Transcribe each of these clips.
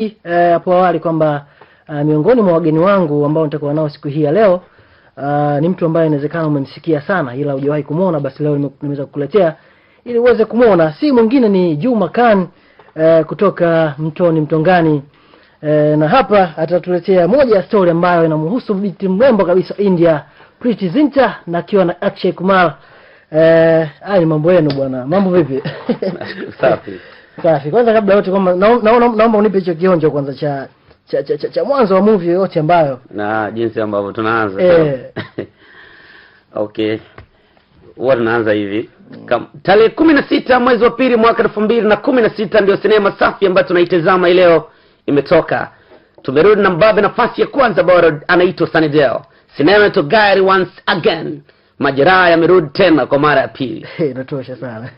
Eh, hapo uh, awali kwamba uh, miongoni mwa wageni wangu ambao nitakuwa nao siku hii ya leo uh, ni mtu ambaye inawezekana umemsikia sana ila hujawahi kumuona, basi leo nimeweza kukuletea ili uweze kumuona. Si mwingine ni Juma Khan uh, kutoka Mtoni Mtongani uh, na hapa atatuletea moja ya story ambayo inamhusu binti mrembo kabisa India Priti Zinta na akiwa na Akshay Kumar. Eh, uh, ni mambo yenu bwana, mambo vipi? Safi. Safi. Kwanza kabla yote kwamba naomba na, na, naomba unipe hicho kionjo kwanza cha cha, cha, cha, cha mwanzo wa movie yote ambayo na jinsi ambavyo tunaanza. Eh. okay. Huwa tunaanza hivi Mm. tarehe kumi na sita mwezi wa pili mwaka elfu mbili na kumi na sita ndio sinema safi ambayo tunaitazama leo imetoka. Tumerudi na mbabe nafasi ya kwanza bora anaitwa Sanidel. Sinema to Gary Once Again. Majeraha yamerudi tena kwa mara ya pili. inatosha sana.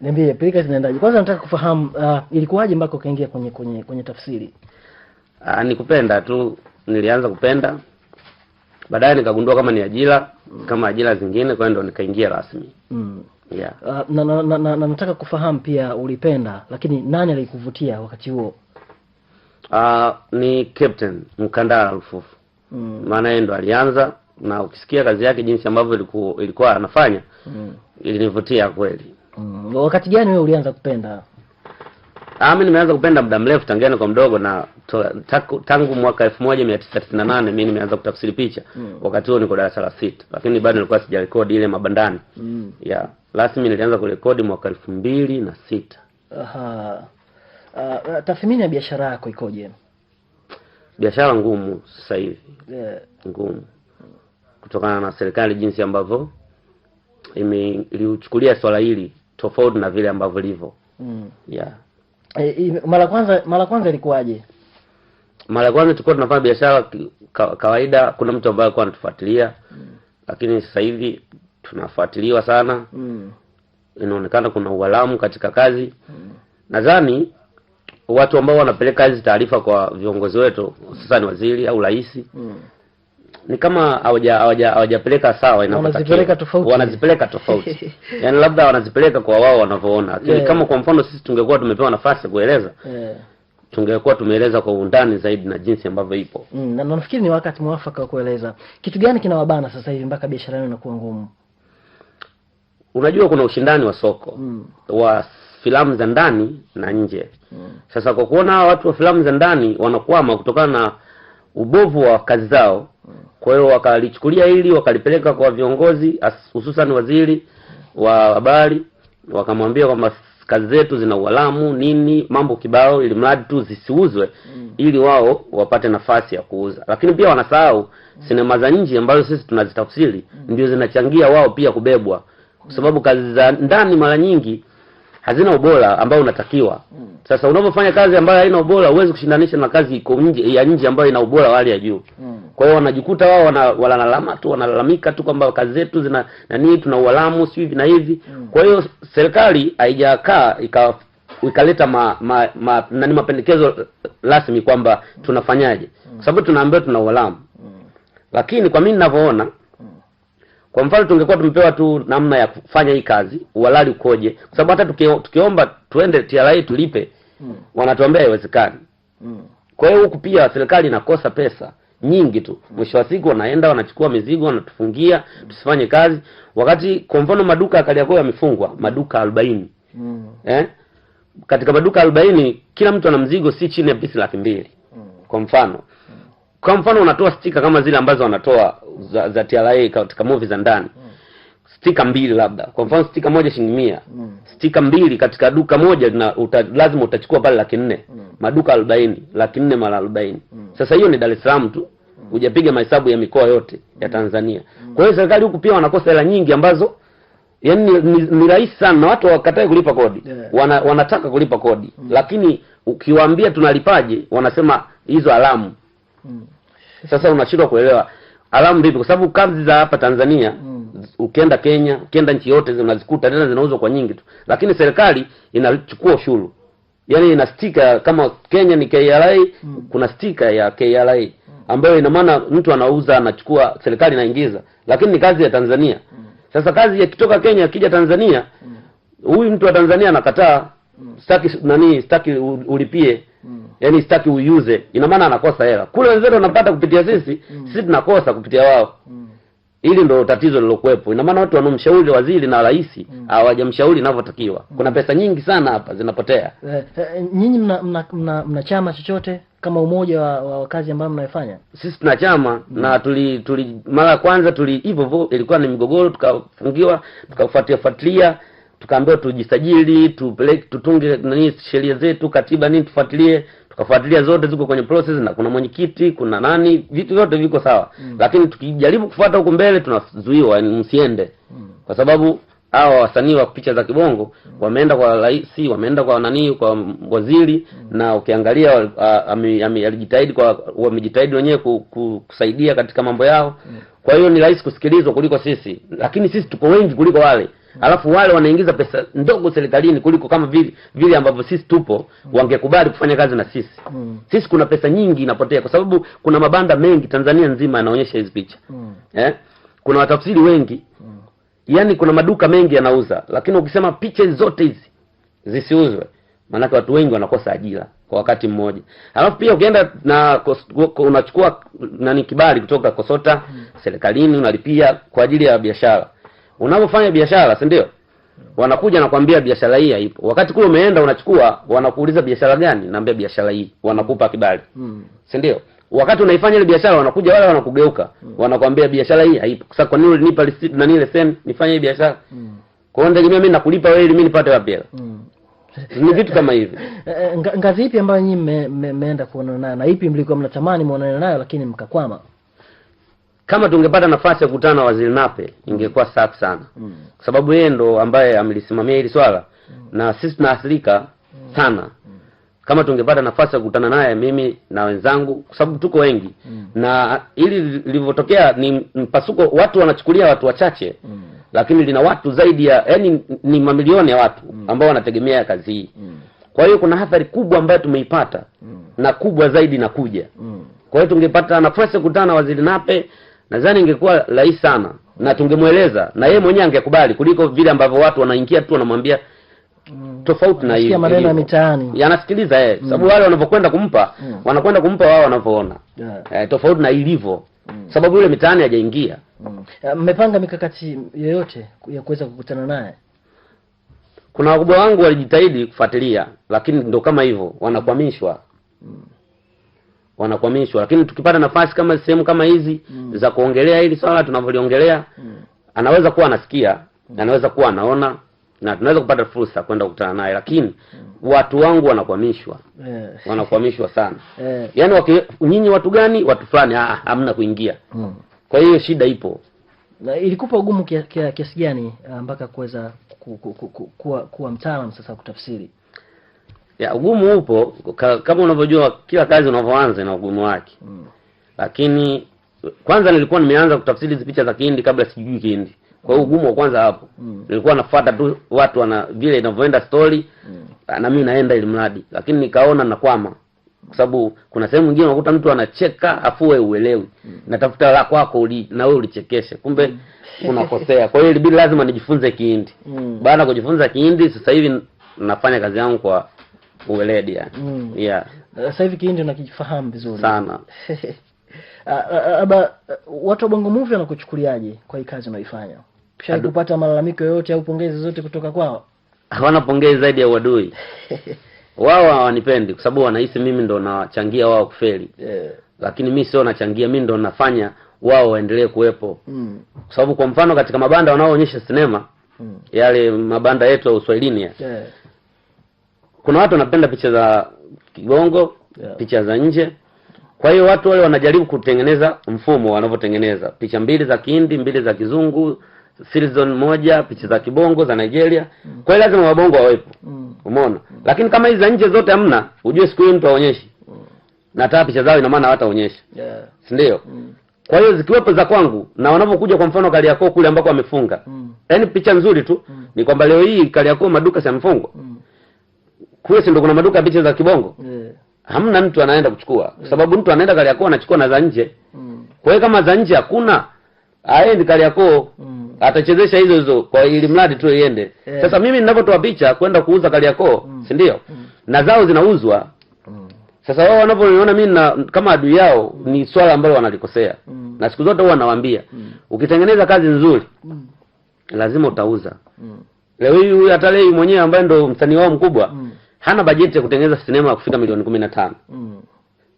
Niambie pilika zinaendaje? Kwanza nataka kufahamu uh, ilikuwaje mpaka ukaingia kwenye kwenye kwenye tafsiri? Ah, ni kupenda tu, nilianza kupenda, baadaye nikagundua kama ni ajira mm. kama ajira zingine, kwa hiyo ndo nikaingia rasmi mm. yeah. Uh, na, na, na, na, na nataka kufahamu pia ulipenda, lakini nani alikuvutia wakati huo? Uh, ni captain Mkandala Lufufu mm. maana yeye ndo alianza na ukisikia kazi yake jinsi ambavyo ilikuwa, ilikuwa anafanya mm. ilinivutia kweli. Mm. Wakati gani wewe ulianza kupenda? Ah, mimi nimeanza kupenda muda mrefu tangia niko mdogo na to, taku, tangu mwaka 1998 mimi nimeanza kutafsiri picha. Mm. Wakati huo niko darasa la sita, lakini bado nilikuwa sijarekodi ile mabandani. Mm. Ya, Yeah, rasmi nilianza kurekodi mwaka 2006. Aha. Ah, uh, tathmini ya biashara yako ikoje? Biashara ngumu sasa hivi. Yeah. Ngumu kutokana na serikali jinsi ambavyo imeliuchukulia swala hili tofauti na vile ambavyo ilivyo. Mm. Yeah. E, e, mara kwanza mara kwanza ilikuwaje? Mara kwanza tulikuwa tunafanya biashara kawaida, kuna mtu ambaye alikuwa anatufuatilia. Mm. Lakini sasa hivi tunafuatiliwa sana. Mm. Inaonekana kuna uhalamu katika kazi. Mm. Nadhani watu ambao wanapeleka hizi taarifa kwa viongozi wetu, hususani waziri au rais. Mm ni kama hawajapeleka sawa inavyopeleka tofauti, wanazipeleka tofauti yani labda wanazipeleka kwa wao wanavyoona, lakini yeah. kama kwa mfano sisi tungekuwa tumepewa nafasi ya kueleza yeah. tungekuwa tumeeleza kwa undani zaidi na jinsi ambavyo ipo mm, na nafikiri ni wakati mwafaka wa kueleza kitu gani kinawabana sasa hivi mpaka biashara yenu inakuwa ngumu. Unajua, kuna ushindani wa soko mm. wa filamu za ndani na nje mm. Sasa kwa kuona watu wa filamu za ndani wanakwama kutokana na ubovu wa kazi zao kwa hiyo wakalichukulia hili wakalipeleka kwa viongozi, hususan waziri wa habari, wakamwambia kwamba kazi zetu zina uhalamu nini, mambo kibao, ili mradi tu zisiuzwe mm. ili wao wapate nafasi ya kuuza. Lakini pia wanasahau mm. sinema za nje ambazo sisi tunazitafsiri mm. ndio zinachangia wao pia kubebwa, mm. kwa sababu kazi za ndani mara nyingi hazina ubora ambao unatakiwa. Hmm. Sasa unapofanya kazi ambayo haina ubora, huwezi kushindanisha na kazi iko nje ya nje ambayo ina ubora wa hali ya juu. Hmm. Kwa hiyo wanajikuta wao wana, wanalalama tu wanalalamika tu kwamba kazi zetu zina nani, tuna uhalamu si hivi na hivi. Hmm. Kwa hiyo serikali haijakaa ika ikaleta ma, ma, ma, nani mapendekezo rasmi kwamba tunafanyaje, kwa sababu tunaambiwa tuna uhalamu, lakini kwa mimi ninavyoona kwa mfano tungekuwa tumepewa tu namna ya kufanya hii kazi, uhalali ukoje? Kwa sababu hata tukiomba tuende TRA tulipe, mm. wanatuambia haiwezekani. Mm. Kwa hiyo huku pia serikali inakosa pesa nyingi tu. Hmm. Mwisho wa siku wanaenda wanachukua mizigo wanatufungia, tusifanye kazi. Wakati kwa mfano maduka ya Kariakoo yamefungwa, maduka 40. Mm. Eh? Katika maduka 40 kila mtu ana mzigo si chini ya pisi laki mbili. Mm. Kwa mfano kwa mfano unatoa stika kama zile ambazo wanatoa za, za TRA katika movie za ndani mm. stika mbili labda, kwa mfano stika moja shilingi mia mm. stika mbili katika duka moja na uta, lazima utachukua pale laki nne mm. maduka arobaini laki nne mara arobaini mm. Sasa hiyo ni Dar es Salaam tu mm. hujapiga mahesabu ya mikoa yote mm. ya hmm. Tanzania mm. kwa hiyo serikali huku pia wanakosa hela nyingi ambazo yaani ni, ni, ni rahisi sana na watu hawakatai kulipa kodi yeah. Wana, wanataka kulipa kodi mm. lakini ukiwaambia tunalipaje wanasema hizo alamu mm. Sasa unashindwa kuelewa alamu vipi, kwa sababu kazi za hapa Tanzania mm. ukienda Kenya, ukienda nchi yote unazikuta tena zinauzwa kwa nyingi tu, lakini serikali inachukua ushuru, yaani ina stika kama Kenya ni KRA mm. kuna stika ya KRA mm. ambayo ina maana mtu anauza anachukua, serikali inaingiza, lakini ni kazi ya Tanzania mm. Sasa kazi ya kitoka Kenya akija Tanzania mm. huyu mm. mtu wa Tanzania anakataa mm. sitaki nani, sitaki ulipie yani sitaki uiuze, ina maana anakosa hela. Kule wenzetu wanapata kupitia sisi mm. sisi tunakosa kupitia wao mm. Hili ndio tatizo lilokuwepo. Ina maana watu wanomshauri waziri na rais mm. hawajamshauri mm. inavyotakiwa mm. kuna pesa nyingi sana hapa zinapotea. Eh, eh, nyinyi mna, mna, mna, mna chama chochote kama umoja wa, wa, wa kazi ambayo mnaifanya? Sisi tuna chama mm. na tuli, tuli mara ya kwanza tuli hivyo hivyo, ilikuwa ni migogoro tukafungiwa tukafuatia fuatilia tukaambiwa tujisajili, tupeleke tutunge nani sheria zetu, katiba nini, tufuatilie tukafuatilia zote ziko kwenye process, na kuna mwenyekiti, kuna nani, vitu vyote viko sawa mm. Lakini tukijaribu kufuata huko mbele tunazuiwa, yani msiende mm. kwa sababu hawa wasanii wa picha za kibongo hmm. wameenda kwa rais, wameenda kwa nani, kwa waziri mm. na ukiangalia uh, alijitahidi kwa wamejitahidi wenyewe kusaidia katika mambo yao mm. Kwa hiyo ni rahisi kusikilizwa kuliko sisi, lakini sisi tuko wengi kuliko wale. Mm. alafu wale wanaingiza pesa ndogo serikalini kuliko kama vile vile ambavyo sisi tupo mm. wangekubali kufanya kazi na sisi mm. Sisi kuna pesa nyingi inapotea kwa sababu kuna mabanda mengi Tanzania nzima yanaonyesha hizi picha mm. Eh, kuna watafsiri wengi mm. Yaani kuna maduka mengi yanauza, lakini ukisema picha zote hizi zisiuzwe, maanake watu wengi wanakosa ajira kwa wakati mmoja. Alafu pia ukienda na unachukua nani kibali kutoka Kosota mm. serikalini, unalipia kwa ajili ya biashara Unapofanya biashara, si ndio? Wanakuja na kwambia biashara hii haipo. Wakati kule umeenda unachukua, wanakuuliza biashara gani? Naambia biashara hii. Wanakupa mm. kibali. hmm. Si ndio? Wakati unaifanya ile biashara wanakuja wale wanakugeuka. hmm. Wanakwambia biashara hii haipo. Sasa kwa nini ulinipa receipt na nile send nifanye hii biashara? hmm. Kwa hiyo ndio mimi nakulipa wewe ili mimi nipate wapi hela? Mm. Ni vitu kama hivi. Eh, eh, ngazi ipi ambayo nyinyi mmeenda me, me, kuonana nayo na ipi mlikuwa mnatamani muonane nayo lakini mkakwama? Kama tungepata nafasi ya kukutana na Waziri Nape ingekuwa safi sana, mm. kwa sababu yeye ndo ambaye amelisimamia hili swala mm. na sisi tunaathirika mm. sana. mm. Kama tungepata nafasi ya kukutana naye, mimi na wenzangu, kwa sababu tuko wengi mm. na ili lilivyotokea ni mpasuko, watu wanachukulia watu wachache mm. lakini lina watu zaidi ya yani ni mamilioni ya watu mm. ambao wanategemea kazi hii. mm. Kwa hiyo kuna athari kubwa ambayo tumeipata mm. na kubwa zaidi inakuja. Mm. Kwa hiyo tungepata nafasi ya kukutana na Waziri Nape nadhani ingekuwa rahisi sana na tungemweleza na yeye mwenyewe angekubali kuliko vile ambavyo watu wanaingia tu wanamwambia mm. tofauti na hiyo maneno ya mitaani yanasikiliza yeye mm. sababu wale wanapokwenda kumpa mm. wanakwenda kumpa wao wanavyoona yeah. eh, tofauti na ilivyo mm. sababu yule mitaani hajaingia mm. Eh, mmepanga mm. mikakati yoyote ya kuweza kukutana naye kuna wakubwa wangu walijitahidi kufuatilia lakini ndo kama hivyo wanakwamishwa mm wanakwamishwa, lakini tukipata nafasi kama sehemu kama hizi mm. za kuongelea hili swala tunavyoliongelea mm. anaweza kuwa anasikia mm. anaweza kuwa anaona na tunaweza kupata fursa kwenda kukutana naye, lakini mm. watu wangu wanakwamishwa yeah. wanakwamishwa sana yeah. Yani waki, nyinyi watu gani? Watu fulani, ah, ah, hamna kuingia mm. kwa hiyo shida ipo. Na ilikupa ugumu kiasi kia, kia gani ah, mpaka kuweza ku, ku, ku, ku, kuwa, kuwa mtaalamu sasa kutafsiri ya ugumu upo kama unavyojua, kila kazi unavyoanza ina ugumu wake mm. Lakini kwanza nilikuwa nimeanza kutafsiri hizi picha za Kihindi kabla sijui Kihindi, kwa hiyo mm. ugumu wa kwanza hapo mm. Nilikuwa nafuata tu watu wana vile inavyoenda story mm. na mimi naenda ili mradi, lakini nikaona nakwama, kwa sababu kuna sehemu nyingine unakuta mtu anacheka afu wewe uelewi mm. natafuta la kwako uli, na wewe ulichekesha kumbe mm. unakosea. Kwa hiyo ilibidi lazima nijifunze Kihindi mm. Baada ya kujifunza Kihindi, sasa hivi nafanya kazi yangu kwa uweledi yani. Mm. Yeah. Sasa hivi kiindi unakifahamu vizuri sana. Ah, ah, ah, aba watu wa Bongo Movie wanakuchukuliaje kwa hii kazi unaoifanya? kupata malalamiko yoyote au pongezi zote kutoka kwao? Hawana pongezi zaidi ya uadui. Wao hawanipendi kwa sababu wanahisi mimi ndo nawachangia wao kufeli. Yeah. Lakini mimi sio nachangia, mimi ndo nafanya wao waendelee kuwepo. Mm. Kwa sababu kwa mfano katika mabanda wanaoonyesha sinema mm. yale mabanda yetu ya Uswahilini ya. Yeah kuna watu wanapenda picha za kigongo yeah. picha za nje. Kwa hiyo watu wale wanajaribu kutengeneza mfumo wanavyotengeneza picha mbili za Kihindi, mbili za Kizungu, season moja, picha za kibongo za Nigeria. mm. Kwa hiyo lazima wabongo wawepo, mm. umeona. mm. Lakini kama hizi za nje zote hamna, ujue siku hiyo mtu aonyeshi mm. na taa picha zao, ina maana hawataonyesha, yeah. si ndio? mm. Kwa hiyo zikiwepo za kwangu na wanapokuja kwa mfano Kariakoo kule ambako wamefunga, mm. yaani mm. picha nzuri tu mm. ni kwamba leo hii Kariakoo maduka yamefungwa mm kule si ndo kuna maduka ya picha za kibongo yeah. Hamna mtu anaenda kuchukua yeah. Kwa eh. sababu mtu anaenda Kariakoo anachukua na za nje mm. Kwa hiyo kama za nje hakuna aendi Kariakoo mm. atachezesha hizo hizo kwa ili mradi tu iende yeah. Sasa mimi ninapotoa picha kwenda kuuza Kariakoo mm. si ndio mm. na zao zinauzwa mm. Sasa wao wanapoiona mimi na kama adui yao mm. ni swala ambalo wanalikosea mm. na siku zote huwa nawaambia mm. ukitengeneza kazi nzuri mm. lazima utauza mm. Leo hii huyu hata leo mwenyewe ambaye ndo msanii wao mkubwa mm hana bajeti ya kutengeneza sinema ya kufika milioni kumi na tano mm.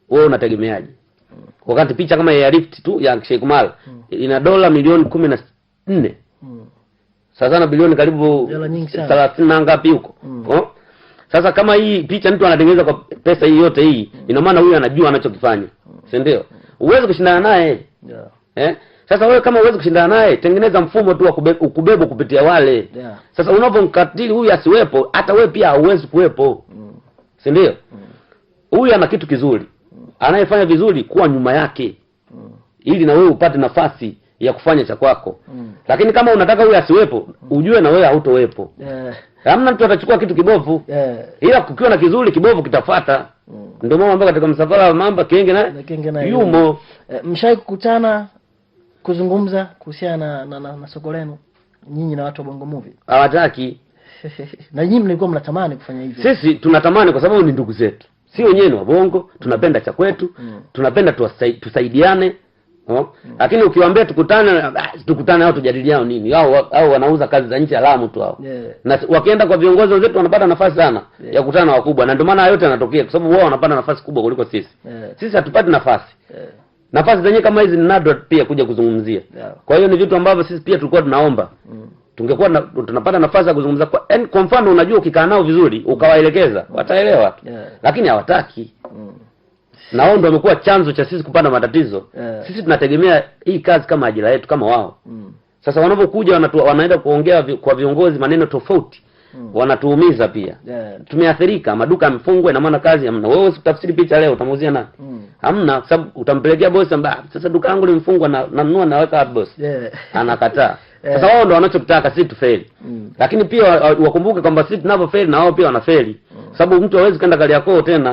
wewe unategemeaje? mm. wakati picha kama ya Rift tu ya Sheikh mm. ina dola milioni kumi na nne mm. sasa na bilioni karibu thelathini na ngapi huko mm. oh? Sasa kama hii picha mtu anatengeneza kwa pesa hii yote hii mm. ina maana huyu anajua anachokifanya mm. si ndio? Huwezi kushindana naye yeah. eh? Sasa wewe kama uwezi kushindana naye, tengeneza mfumo tu wa kubebwa kupitia wale yeah. Sasa unavomkatili huyu asiwepo, hata wewe pia hauwezi kuwepo mm. si ndio? Mm. Huyu mm. ana kitu kizuri mm. anayefanya vizuri, kuwa nyuma yake mm. ili na wewe upate nafasi ya kufanya cha kwako mm. Lakini kama unataka huyu asiwepo, mm. ujue na wewe hautowepo yeah. Hamna mtu atachukua kitu kibovu yeah. Ila kukiwa na kizuri, kibovu kitafuata mm. Ndio mama ambao katika msafara wa mamba kenge na yumo. E, eh, mshai kukutana kuzungumza kuhusiana na, na, na na soko lenu nyinyi na watu wa Bongo Movie? Hawataki. na nyinyi mlikuwa mnatamani kufanya hivyo? Sisi tunatamani kwa sababu ni ndugu zetu, si mm. wenyewe ni Wabongo, tunapenda cha kwetu mm. tunapenda tusaidiane Oh. Hmm. Lakini ukiwaambia tukutane ah, tukutane hao tujadiliane nini? Hao hao wanauza kazi za nchi alamu tu hao. Yeah. Na wakienda kwa viongozi wenzetu wanapata nafasi sana yeah. ya kukutana na wakubwa na ndio maana yote yanatokea kwa sababu wao wanapata nafasi kubwa kuliko sisi. Yeah. Sisi hatupati nafasi. Yeah nafasi zenyewe kama hizi ni nadra pia kuja kuzungumzia yeah. Kwa hiyo ni vitu ambavyo sisi pia tulikuwa tunaomba mm. tungekuwa na, tunapata nafasi ya kuzungumza kwa en, kwa mfano unajua, ukikaa nao vizuri ukawaelekeza mm. wataelewa yeah. Lakini hawataki mm. na wao ndo wamekuwa chanzo cha sisi kupanda matatizo yeah. Sisi tunategemea hii kazi kama ajira yetu kama wao mm. Sasa wanapokuja wanaenda kuongea kwa viongozi maneno tofauti mm. wanatuumiza pia yeah. Tumeathirika, maduka yamefungwa, ina maana kazi hamna. Wewe usitafsiri picha leo, utamuuzia nani? mm. Hamna, kwa sababu utampelekea bosi ambaye ah, sasa duka langu limefungwa na nanunua na weka hapo bosi yeah. Anakataa yeah. Sasa wao ndo wanachotaka sisi tufeli mm. Lakini pia wakumbuke kwamba sisi tunavyo feli na wao pia wanafeli mm. Sababu mtu hawezi kwenda gari yako tena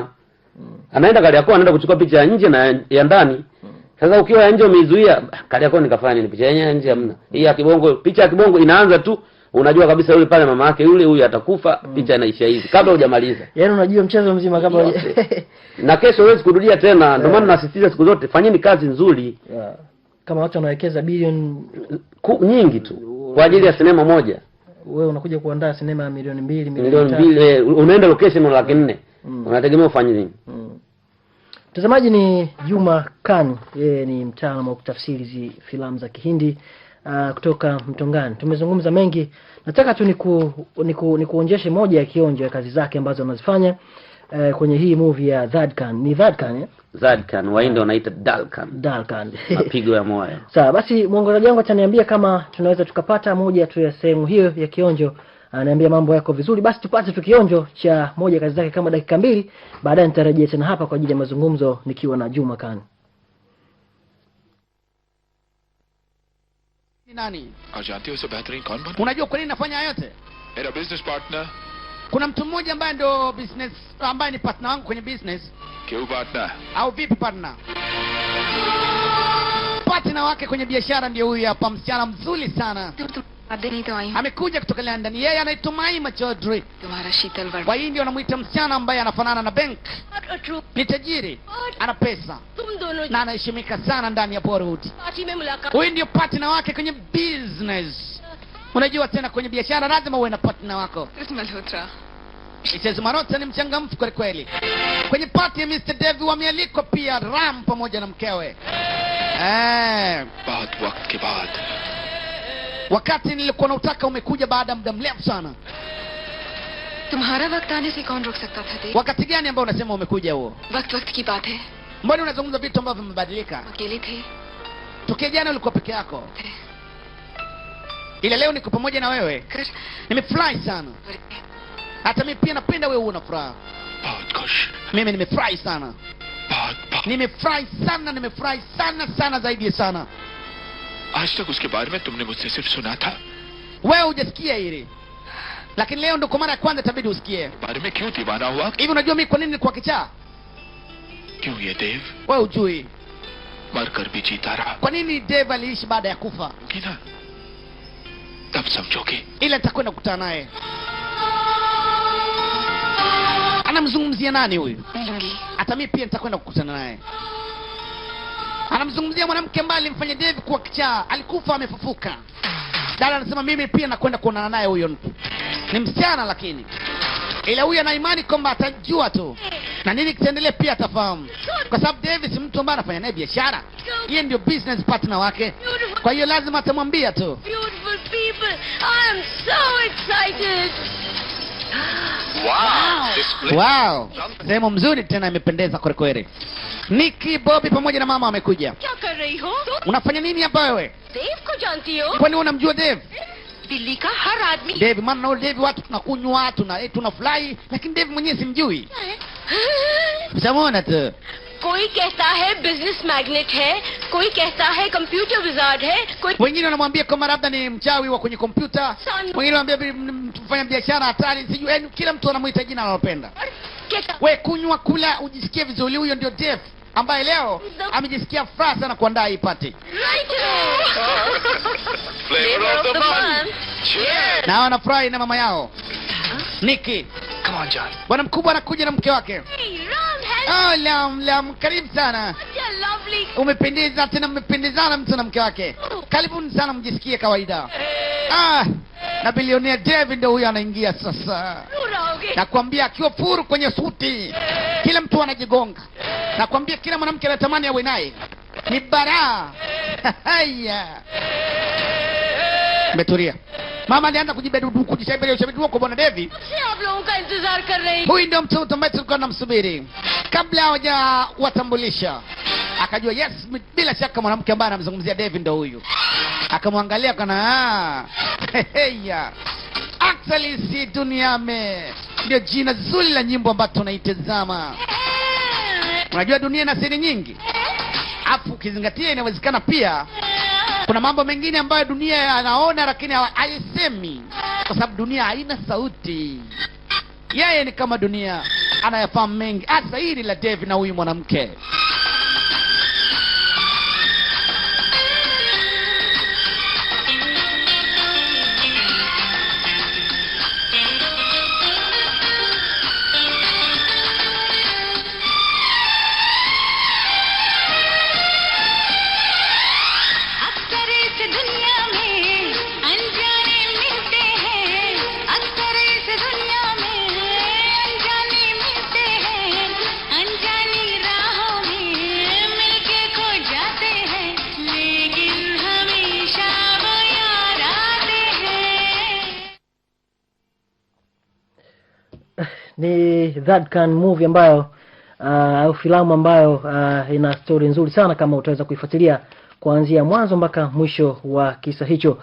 mm. Anaenda gari yako anaenda kuchukua picha ya nje na ya ndani mm. Sasa ukiwa nje umeizuia yako ah, nikafanya nini? Picha yenyewe nje hamna, mm. hii ya kibongo. Picha ya kibongo inaanza tu unajua kabisa yule pale mama yake yule huyu atakufa, mm. picha mm. inaisha hivi kabla hujamaliza. Yaani unajua mchezo mzima kabla yeah. na kesho huwezi kurudia tena yeah. Ndio maana nasisitiza siku zote, fanyeni kazi nzuri yeah. Kama watu wanawekeza bilioni nyingi tu kwa ajili ya sinema moja, wewe unakuja kuandaa sinema ya milioni mbili, milioni mbili, eh, unaenda location laki nne mm. unategemea ufanye nini? mm. Mtazamaji, ni Juma Kanu, yeye ni mtaalamu wa kutafsiri filamu za Kihindi uh, kutoka Mtongani. Tumezungumza mengi, nataka tu niku, niku, nikuonjeshe moja ya kionjo ya kazi zake ambazo anazifanya uh, kwenye hii movie ya Dhadkan. Ni Dhadkan eh? Zadkan waende wanaita Dalkan. Dalkan. Mapigo ya moyo. Sawa, basi mwongozaji wangu ataniambia kama tunaweza tukapata moja tu ya sehemu hiyo ya kionjo. anaambia mambo yako vizuri, basi tupate tu kionjo cha moja kazi zake kama dakika mbili, baadaye nitarejea tena hapa kwa ajili ya mazungumzo nikiwa na Juma Kani. nani? Ajanti uso beharin kaun bana? Unajua kwa nini nafanya yote? Era business partner. Kuna mtu mmoja ambaye ndo business ambaye ni partner wangu kwenye business. Keu partner. Au vipi partner? Partner wake kwenye biashara ndio huyu hapa msichana mzuri sana amekuja kutoka London, yeye anaitumai Machodri. Kwa hiyo ndio anamwita msichana ambaye anafanana na bank, ni tajiri, ana pesa na anaheshimika sana ndani ya Bollywood. Huyu ndio partner wake kwenye business. Unajua tena kwenye biashara lazima uwe na partner wako. Mrs. Malhotra ni mchangamfu kweli kweli. Kwenye party ya Mr. Devi wamealikwa pia Ram pamoja na mkewe. Eh. Baad waqt baad wakati nilikuwa nautaka umekuja baada ya muda mrefu sana. tumhara wakt aane se kaun rok sakta tha de wakati gani ambao unasema umekuja huo? wakt wakt ki baat hai mbona unazungumza vitu ambavyo vimebadilika. akele the tokea jana ulikuwa peke yako, ila leo niko pamoja na wewe. Nimefurahi sana, hata mimi pia napenda wewe una furaha. Mimi nimefurahi sana, nimefurahi sana, nimefurahi sana sana zaidi sana. आज तक उसके बारे में तुमने मुझसे सिर्फ सुना था वह hujasikia hili lakini leo ndo kwa mara ya kwanza itabidi usikie बारे में क्यों दीवाना हुआ hivi unajua mimi kwa nini nilikuwa kichaa क्यों ये देव wewe hujui मर कर भी जीता रहा kwa nini dev aliishi baada ya kufa गिना तब समझोगे ila nitakwenda kukutana naye anamzungumzia nani huyu hata mimi pia nitakwenda kukutana naye anamzungumzia mwanamke ambaye alimfanya David kuwa kichaa, alikufa amefufuka. Dada anasema mimi pia nakwenda kuonana naye huyo mtu. Ni msichana lakini, ila huyo ana imani kwamba atajua tu na nini kitaendelea, pia atafahamu, kwa sababu David si mtu ambaye anafanya naye biashara. Yeye ndio business partner wake, kwa hiyo lazima atamwambia tu. Beautiful people, I am so excited. Wow. Wow. Demo mzuri tena imependeza kweli kweli. Niki Bobby pamoja na mama ho? Unafanya nini hapa wewe? nini unamjua Dave? Dave, maana na Dave watu tunakunywa, tuna eh, tunafurahi, lakini Dave mwenyewe simjui. Eh. samona tu. कोई कहता है business magnet है कोई कहता है computer wizard है कोई wengine wanamwambia kama labda ni mchawi wa kwenye kompyuta wengine wanamwambia mfanya biashara hatari sijui yani kila mtu anamwita jina analopenda we kunywa kula ujisikie vizuri huyo ndio def ambaye leo amejisikia furaha sana kuandaa hii pati na wanafurahi na mama yao Niki Come on John. Bwana mkubwa anakuja na mke wake. Oh, lam lam, karibu sana. Umependeza tena, mmependezana mtu na mke wake. Karibuni sana, mjisikie kawaida. Ah, na bilionea David ndio huyo anaingia sasa. Nakwambia akiwa furu kwenye suti, kila mtu anajigonga. Nakwambia kila mwanamke anatamani awe naye. Ni baraa. Haya. Metulia. Mama alianza kujibedudu kwa Bwana Devi. kar rahi. Huyu ndio mtoto ambaye tulikuwa tunamsubiri. Kabla hawaja watambulisha. Akajua yes, bila shaka mwanamke ambaye anamzungumzia Devi ndio huyu. Akamwangalia kana ah. Actually si dunia me. Ndio jina zuri la nyimbo ambayo tunaitazama. Unajua dunia ina siri nyingi. Afu ukizingatia inawezekana pia kuna mambo mengine ambayo dunia anaona lakini hayasemi, kwa sababu dunia haina sauti. Yeye ni kama dunia, anayafahamu mengi, hasa hili la David na huyu mwanamke. ni that can movie ambayo uh, au filamu ambayo uh, ina story nzuri sana kama utaweza kuifuatilia kuanzia mwanzo mpaka mwisho wa kisa hicho.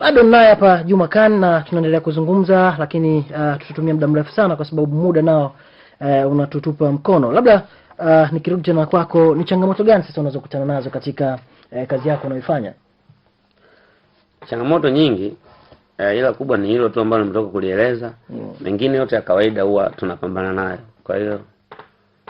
Bado naye hapa Juma Khan na tunaendelea kuzungumza, lakini uh, tutatumia muda mrefu sana kwa sababu muda nao uh, unatutupa mkono. Labda uh, nikirudi tena kwako, ni changamoto gani sasa unazokutana nazo katika uh, kazi yako unaoifanya Changamoto nyingi eh, ila kubwa ni hilo tu ambalo nimetoka kulieleza mm. Mengine yote ya kawaida huwa tunapambana nayo, kwa hiyo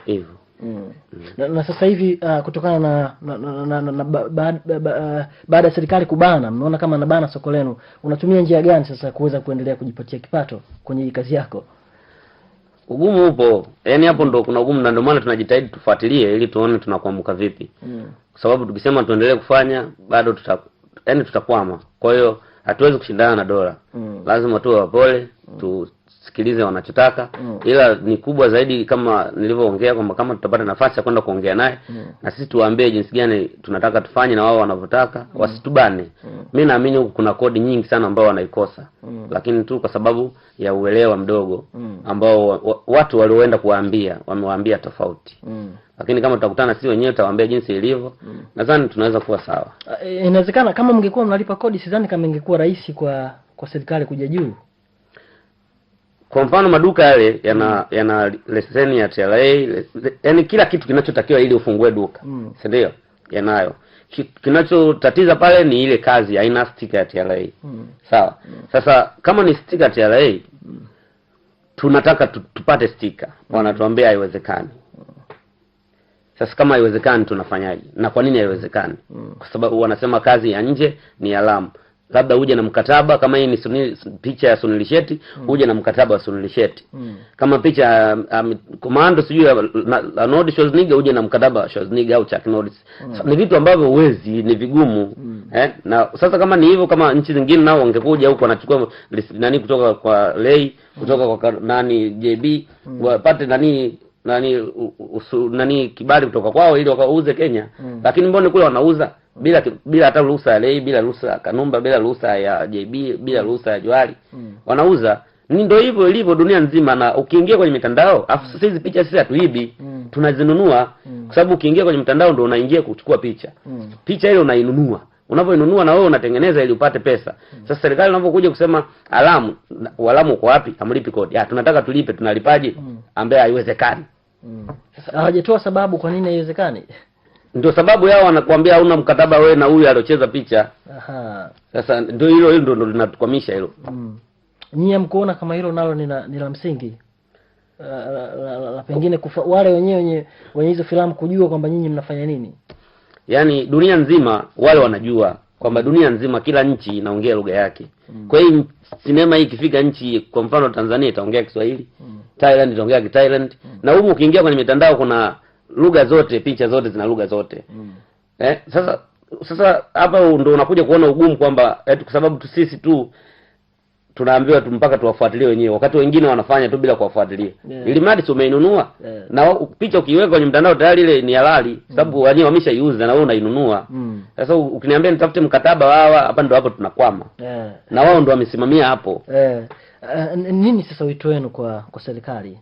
hivyo mm. mm. na, na sasa hivi uh, kutokana na, na, na, na, na, na na baada ba, ba, ba, ba, ah, ya serikali kubana, mmeona kama nabana soko lenu, unatumia njia gani sasa kuweza kuendelea kujipatia kipato kwenye hii kazi yako? Ugumu upo, yaani hapo ndo kuna ugumu, na ndio maana tunajitahidi tufuatilie, ili tuone tunakuamuka vipi mm. kwa sababu tukisema tuendelee kufanya bado tuta, yaani tutakwama, kwa hiyo hatuwezi kushindana na dola mm. lazima tuwe wapole mm. tu, wasikilize wanachotaka mm. Ila ni kubwa zaidi kama nilivyoongea kwamba kama tutapata nafasi ya kwenda kuongea naye mm. na sisi tuwaambie jinsi gani tunataka tufanye na wao wanavyotaka mm. wasitubane mm. Mi naamini huku kuna kodi nyingi sana ambao wanaikosa mm. lakini tu kwa sababu ya uelewa mdogo mm. ambao wa, wa, watu walioenda kuwaambia wamewaambia tofauti mm lakini kama tutakutana si wenyewe tutawaambia jinsi ilivyo mm. nadhani tunaweza kuwa sawa. Eh, inawezekana kama mngekuwa mnalipa kodi, sidhani kama ingekuwa rahisi kwa kwa serikali kuja juu kwa mfano maduka yale yana yana leseni ya TRA, yaani kila kitu kinachotakiwa ili ufungue duka. Mm. Si ndio? Yanayo. Kinachotatiza pale ni ile kazi aina stika ya TRA. Mm. Sawa. Mm. Sasa kama ni stika ya TRA mm. tunataka tupate stika. Mm. Wanatuambia haiwezekani. Mm. Sasa kama haiwezekani tunafanyaje? Na kwa nini haiwezekani? Mm. Kwa sababu wanasema kazi ya nje ni alamu labda uje na mkataba kama hii ni sunil, picha ya sunilisheti Shetty mm. uje na mkataba wa sunilisheti mm. kama picha um, um Commando sijui Arnold Schwarzenegger uje na mkataba wa Schwarzenegger au chak Norris mm. ni vitu ambavyo huwezi, ni vigumu mm. eh? na sasa kama ni hivyo, kama nchi zingine nao wangekuja huko wanachukua nani kutoka kwa lei hmm. kutoka kwa nani JB mm. wapate nani nani usu, nani kibali kutoka kwao ili wakauze Kenya mm. Lakini mbona kule wanauza mm. bila bila hata ruhusa ya lei, bila ruhusa ya Kanumba, bila ruhusa ya JB, bila mm. ruhusa ya Johari mm. Wanauza ni ndio hivyo ilivyo dunia nzima, na ukiingia kwenye mitandao mm. afu mm. hizi picha sisi hatuibi mm. tunazinunua mm. kwa sababu ukiingia kwenye mtandao ndio unaingia kuchukua picha mm. picha ile unainunua Unavyoinunua na wewe unatengeneza ili upate pesa. Hmm. Sasa serikali unapokuja kusema alamu, walamu uko wapi? Hamlipi kodi. Ah, tunataka tulipe, tunalipaje? Hmm. Ambaye haiwezekani. Hmm. Sasa hawajatoa sababu kwa nini haiwezekani. Ndio sababu yao wanakuambia hauna mkataba wewe na huyu aliocheza picha. Aha. Sasa ndio hilo hilo ndio linatukwamisha hilo. Mm. Nyie mkuona kama hilo nalo ni ni la msingi. La, la, la, la, pengine kufa, wale wenyewe wenye hizo filamu kujua kwamba nyinyi mnafanya nini yaani dunia nzima wale wanajua kwamba dunia nzima kila nchi inaongea lugha yake. Mm. Kwa hii sinema hii ikifika nchi kwa mfano Tanzania itaongea Kiswahili, mm. Thailand itaongea Thailand, mm. na huko ukiingia kwenye mitandao kuna lugha zote, picha zote zina lugha zote. Mm. Eh, sasa sasa hapa ndo unakuja kuona ugumu kwamba eh, kwa sababu tu sisi tu tunaambiwa tu mpaka tuwafuatilie wenyewe, wakati wengine wanafanya tu bila kuwafuatilia yeah. Ili mradi si umeinunua yeah. Na picha ukiweka kwenye mtandao tayari ile ni halali, mm. sababu mm. wenyewe wameshaiuza na wewe unainunua mm. sasa mm. Ukiniambia nitafute mkataba wawa hapa, ndo hapo tunakwama yeah. Na wao ndo wamesimamia hapo yeah. Uh, nini sasa wito wenu kwa kwa serikali